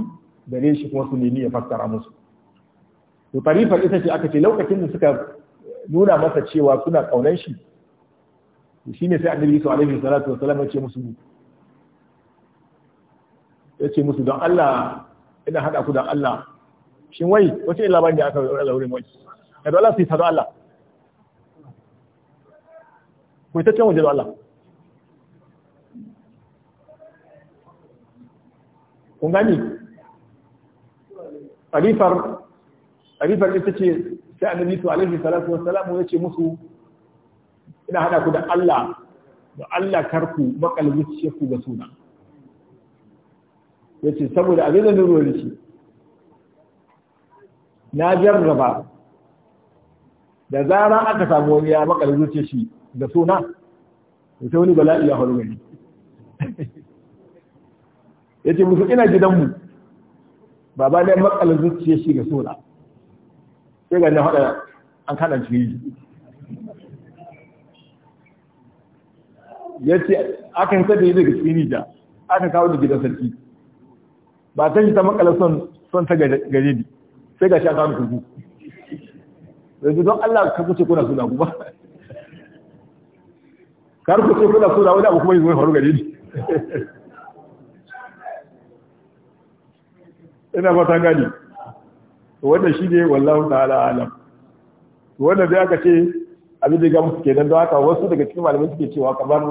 ne shi kuma su nemi ya fassara musu to tarifar ita ce aka ce lokacin da suka nuna masa cewa suna kaunan shi shi ne sai annabi Isa alaihi salatu wasallam ya ce musu ya ce musu don Allah ina hada ku da Allah shin wai wace illa bani aka yi Allah wurin wai kada Allah sai ta Allah ku ta ce waje Allah kun gani alifar ita ce sai annabi to alaihi salatu wassalamu ya ce musu ina hada ku da Allah da Allah karku makalbi ce ku ga suna yace saboda a da nuru ne shi na jarraba da zara aka samu wani ya makalbi ce shi da suna sai wani bala'i ya halu gani. ya ce musu ina gidanmu baba ne matsala zuciya shi ga sola sai ga na haɗa an kaɗa ciki ya ce akan sa da yi daga cikin da aka kawo da gidan sarki ba ta shi ta makala son ta gare ni sai ga shi aka kawo yanzu don Allah ka kuce kuna suna kuma kar kusa kuna suna wani abu kuma yi zuwa faru gare ni ina ba ta gani wannan shi ne wallahu ta'ala alam wannan da aka ce abin da ga musu kenan don haka wasu daga cikin malamai suke cewa kamar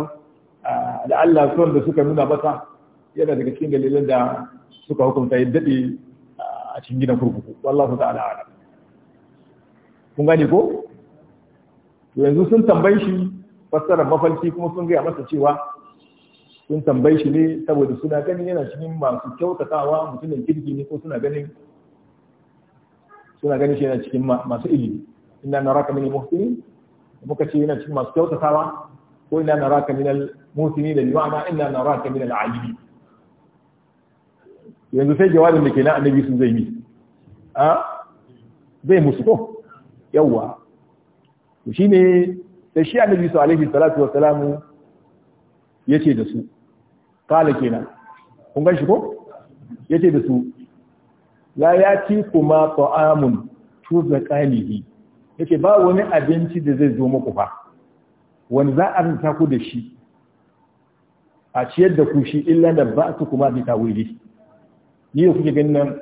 ah, da Allah son da suka nuna masa yana daga cikin dalilan da suka hukunta ya daɗe ah, a cikin gidan kurkuku wallahu ta'ala alam kun gane ko yanzu sun tambayi shi fassarar mafarki kuma sun gaya masa cewa sun tambayi shi ne saboda suna ganin yana cikin masu kyautatawa mutumin kirki ne ko suna ganin suna ganin shi yana cikin masu ilimi inna naraka min al da muka ce yana cikin masu kyautatawa ko inna na raka al muhsini da ma'ana inna na raka al-alimin yanzu sai jawabin da ke na annabi sun zai yi a zai musu ko yawa shi shine sai shi annabi su alaihi salatu wa salamu ce da su kala kenan kun gan shi ko yace da su la yati kuma ta'amun zakalihi yace ba wani abinci da zai zo muku fa wani za a rinta ku da shi a ciyar da ku shi illa da ba su kuma bi tawili ni ku kuke ganin nan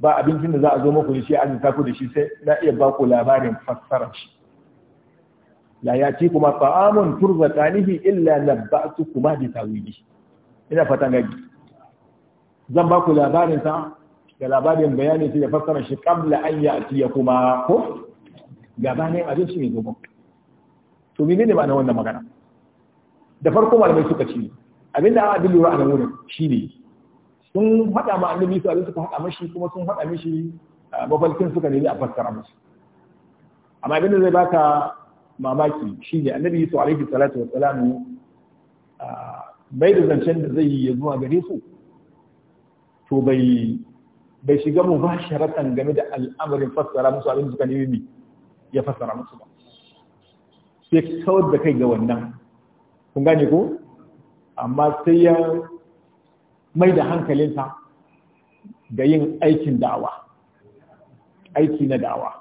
ba abincin da za a zo muku shi a rinta ku da shi sai na iya ba ku labarin fassara shi la yati kuma ta'amun turzaqanihi illa nabba'tu kuma bi tawili ina fatan gaji zan ba ku labarin sa da labarin bayani sai da fassara shi kabla an ya ya kuma ko gabanin shi ne gobe to menene ma'anar wannan magana da farko malamai suka ci abinda an abin lura a nan wurin ne. sun haɗa ma annabi su abin suka faɗa shi, kuma sun faɗa mishi mafalkin suka ne a fassara musu amma abinda zai baka mamaki ne annabi su alaihi salatu wa salamu mai da zancen da zai yi ya zuwa gare su to bai shiga mu ba sharatan game da al'amarin fassara musu abin suka nemi ya fassara musu ba sai kawar da kai ga wannan kun gane ko amma sai ya mai da hankalinsa ga yin aikin da'awa aiki na dawa.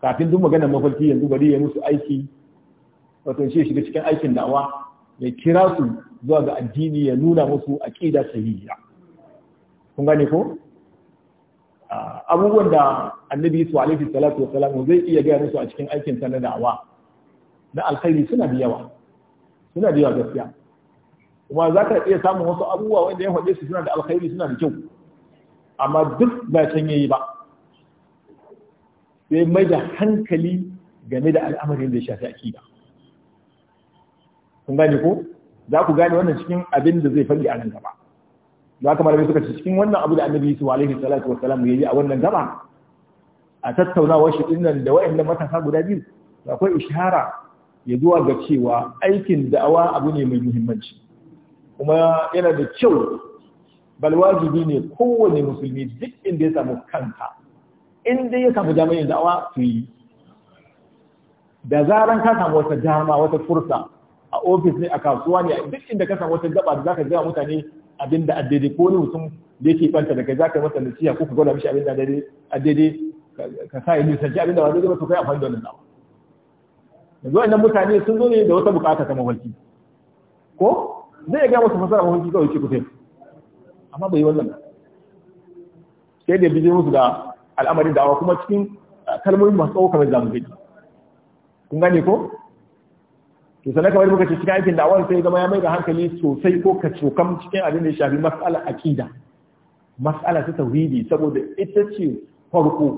kafin duk maganar mafarki yanzu bari ya musu aiki wato shi shiga cikin aikin dawa ya kira su zuwa ga addini ya nuna musu aqida sahiha kun gane ko abubuwan da annabi su alaihi salatu wasalam zai iya gaya musu a cikin aikin sa na da'awa na alkhairi suna da yawa suna da yawa gaskiya kuma za ka iya samun wasu abubuwa wanda ya faɗe su suna da alkhairi suna da kyau amma duk ba can yayi ba sai mai da hankali game da al'amarin da ya shafi aqida kun gane ko za ku gane wannan cikin abin da zai faɗi a nan gaba Za ka malamai suka ce cikin wannan abu da annabi su alaihi salatu wassalam yayi a wannan gaba a tattaunawar shi ɗin nan da wayannan matasa guda biyu akwai ishara ya zuwa ga cewa aikin da'awa abu ne mai muhimmanci kuma yana da kyau bal ne kowane musulmi duk inda ya samu kanka in dai ya samu damar yin da'awa su yi da zaran ka samu wata dama wata fursa a ofis ne a kasuwa ne duk inda ka samu wata gaba da zaka ga mutane abin da addede ko ne mutum da yake banta da kai zaka masa nasiha ko ka gwada mishi abin da addede ka sa yi sarki abin da ba zai ba to kai amfani da wannan nawa yanzu wannan mutane sun zo ne da wata bukata ta mafarki ko zai ga musu fasara mafarki kawai ce kusa amma bai yi wannan sai da bijin musu da al'amarin da'awa kuma cikin kalmomin masu tsawo kamar zamu gani kun gane ko to sai kamar muka ce cikin aikin da'awar sai zama ya mai da hankali sosai ko ka cokam cikin abin da ya shafi mas'ala aqida mas'ala ta tauhidi saboda ita ce farko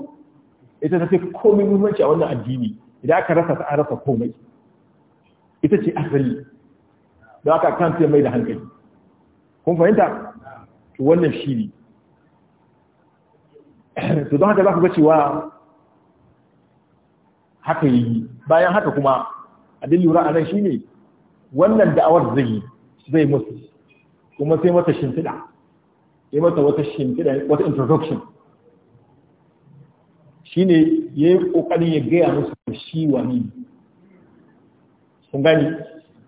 ita ta fi komai muhimmanci a wannan addini idan aka rasa ta an rasa komai ita ce asali don aka kan sai mai da hankali kun fahimta to wannan shi ne to don haka za ku ga cewa haka yi bayan haka kuma abin lura a nan shine wannan da'awar zai yi zai musu kuma sai mata shimfiɗa ya mata wata shimfiɗa wata introduction shine ya yi ƙoƙarin ya gaya musu da shi wani sun gani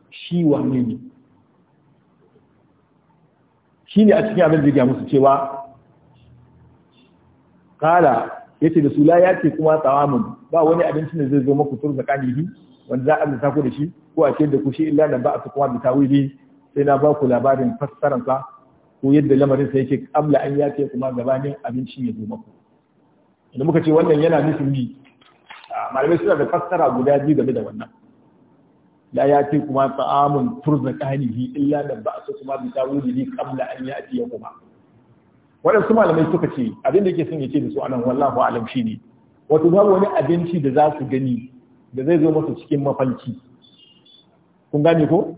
shi wani ne shi ne a cikin abin da ya musu cewa kala ya ce da su la ya ce kuma tsawamin ba wani abincin da zai zo maku tur da ƙanihi wanda za a arzita ku da shi ko a ce da ku shi illa da ba a tukuwa da tawili sai na ba ku labarin fassararsa ko yadda lamarin sa yake abla an ya ce kuma gabanin abinci ya zo maku idan muka ce wannan yana nufin bi malamai suna da fassara guda biyu game da wannan la ya ce kuma ta'amun kanihi illa da ba a tukuwa bi tawili kabla an ya ce kuma waɗansu malamai suka ce abin da yake son ya ce da su anan wallahu alam shine wato babu wani abinci da za su gani da zai zo masa cikin mafalci kun gane ko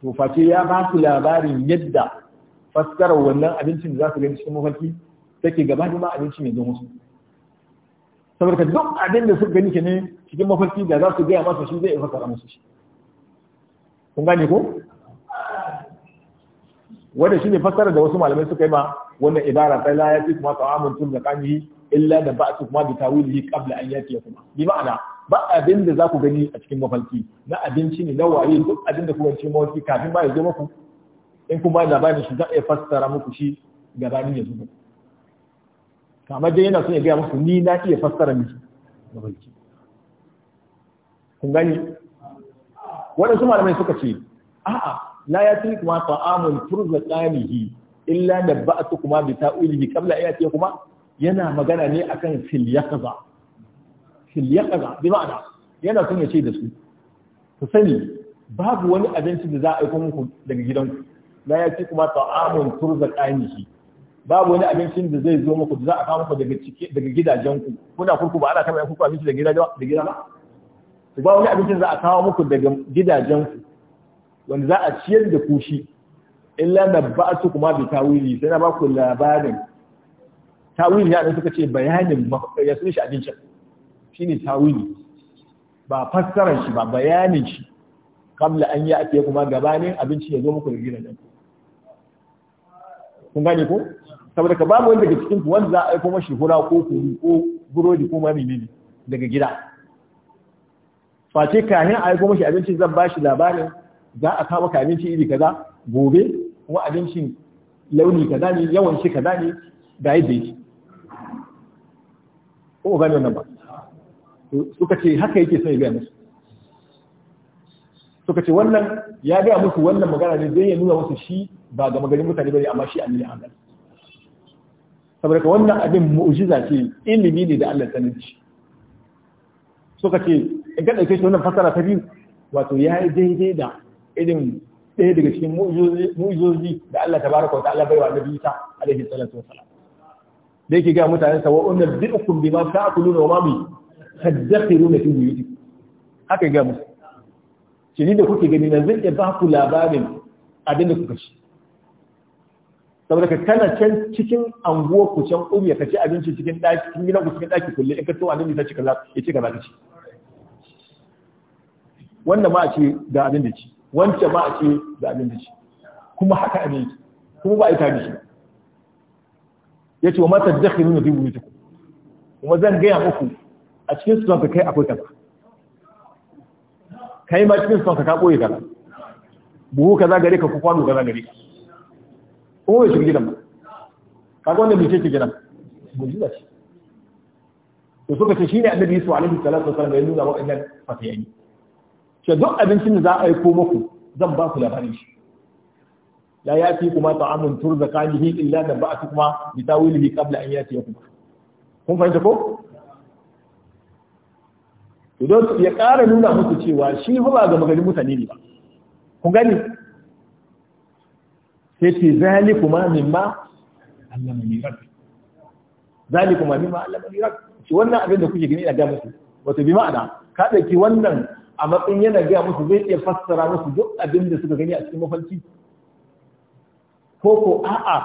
to face ya ba su labarin yadda Fassara wannan abincin da za su gani cikin mafalci take gaba da ma abincin ya musu saboda duk abin da suka gani ne cikin mafalci da za su gaya masa shi zai fassara musu shi kun gane ko wanda shine fassara da wasu malamai suka yi ma wannan ibara sai la ya fi kuma ta'amun tun da kanji illa da su kuma bi tawilihi qabla an kuma. bi ma'ana ba abin da za ku gani a cikin mafarki na abinci ne na waye duk abin da kuka ci mafarki kafin ba ya zo muku in kuma ba labarin shi za a fassara muku shi gabanin ya zo muku kamar dai yana son ya gaya muku ni na iya fassara miki mafarki kun gani waɗansu malamai suka ce a'a la ya tuni kuma ta'amul furza tsanihi illa da ba'atu kuma bi ta'ulihi qabla ayati kuma yana magana ne akan kan yaqza fil bi ma'ana yana son ya ce da su ku sani babu wani abinci da za a kuma muku daga gidanku na ya ce kuma ta'amun turzaqanihi babu wani abincin da zai zo muku da za a kawo muku daga cike daga gidajenku kuna kurku ba ana kama kurku abinci daga gida da gida ba ba wani abincin za a kawo muku daga gidajenku wanda za a ciyar da ku shi illa su kuma bi tawili sai na ba ku labarin ya yaran suka ce bayanin ya sun shi abincin shine tawil ba fassarar shi ba bayanin shi kamla an yi ake kuma gabanin abinci ya zo muku da gina nan kun gane ko saboda ka babu wanda daga cikin ku wanda za a aiko mashi hura ko kuru ko burodi ko ma menene daga gida face kahin a aiko mashi abinci zan ba shi labarin za a kawo ka abinci iri kaza gobe kuma abincin launi kaza ne yawan shi kaza ne da yadda yake ko gane wannan ba suka ce haka yake son ya gaya musu suka ce wannan ya gaya musu wannan magana ne zai ya nuna musu shi ba ga maganin mutane bane amma shi annabi Allah saboda wannan abin mu'jiza ce ilimi ne da Allah sanin shi suka ce in ka dauke shi wannan fasara ta biyu wato ya yi daidai da irin ɗaya daga cikin mu'jizozi da Allah tabaraka wa ta'ala baiwa annabi ta alaihi salatu wa da yake ga mutane sa wa unnal bi'ukum bima ta'kuluna wa ma tadakhiruna fi buyutikum haka ga musu shi ne da kuke gani nan zai iya ba ku labarin abin da kuka ci saboda ka kana can cikin anguwar ku can ubiya ka ci abinci cikin daki cikin gidan ku cikin daki kullum in ka to annabi ta ci ya ce kaza ka ci wannan ma a ce da abin da ci wancan ma a ce da abin da ci kuma haka abin kuma ba a yi tarihi ya ce wa mata da dakhilu na biyu ne kuma zan gaya muku a cikin su ka kai akwai kaza kai ma cikin su ka koyi kaza buhu kaza gare ka ku kwano kaza gare ka ko wai shiga gidan ba kaga wanda bice ce gidan mujiza ce to suka ce shine annabi Yusuf alaihi salatu wasallam ya nuna waɗannan fatayi ce duk abincin da za a yi ko muku zan ba ku labarin shi la yati kuma ta'amun turzaqanihi illa da ba'atu kuma bi tawilihi qabla an yati yakum kun fahimta ko idan ya ƙara nuna musu cewa shi fa ba ga magarin mutane ne ba ku gani sai ce zalikuma mimma allama ni kuma min ma Allah ni rabbi shi wannan abin da kuke gani a ga musu wato bi ma'ana ka dauki wannan a matsayin yana ga musu zai iya fassara musu duk abin da suka gani a cikin mafarki ko ko a'a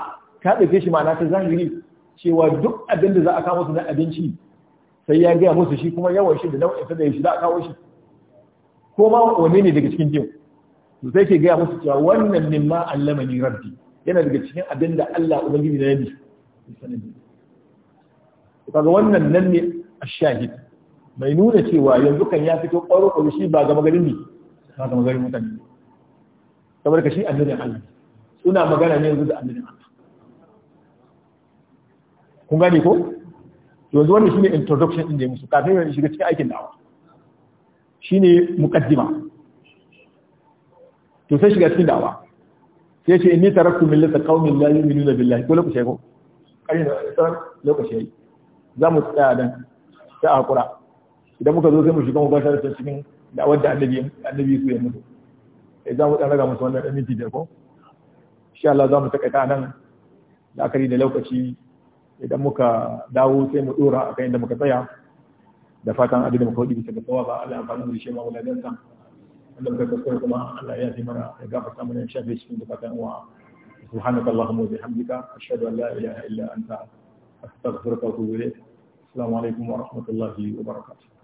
ka ɗauke shi ma'ana ta zahiri cewa duk abin da za a kawo su na abinci sai ya gaya musu shi kuma yawan shi da nau'in da shi za a kawo shi ko ma wane ne daga cikin jin Su sai ke gaya musu cewa wannan ne ma allamani rabbi yana daga cikin abin da Allah ubangiji na yabi kaga wannan nan ne ashahid mai nuna cewa yanzu kan ya fito kwaro ƙwaro shi ba gama garin ne ba gama garin mutane saboda ka shi annabin Allah suna magana ne yanzu da annabi Allah kun gane ko yanzu wannan shine introduction din da musu kafin ya shiga cikin aikin da'awa shine muqaddima to sai shiga cikin da'awa sai ce inni taraktu millata qaumin la yu'minuna billahi ko lokaci ko kai lokaci yayi za mu tsaya dan ta hakura idan muka zo sai mu shiga da cikin da'awar da annabi annabi su ya mutu idan eh, za mu dan raga musu wannan dan minti da ko insha Allah za mu takaita nan da aka la'akari da lokaci idan muka dawo sai mu dora a kan inda muka tsaya da fatan abin da muka hudu bisa ga tsawaba Allah ya fara mu rishe ma'ula da yansa wanda muka kaskwai kuma Allah ya fi mana ya gafarta mana insha Allah cikin da fatan uwa subhanaka allahumma wa bihamdika ashhadu an la ilaha illa anta astaghfiruka wa atubu ilayk assalamu alaikum wa rahmatullahi wa barakatuh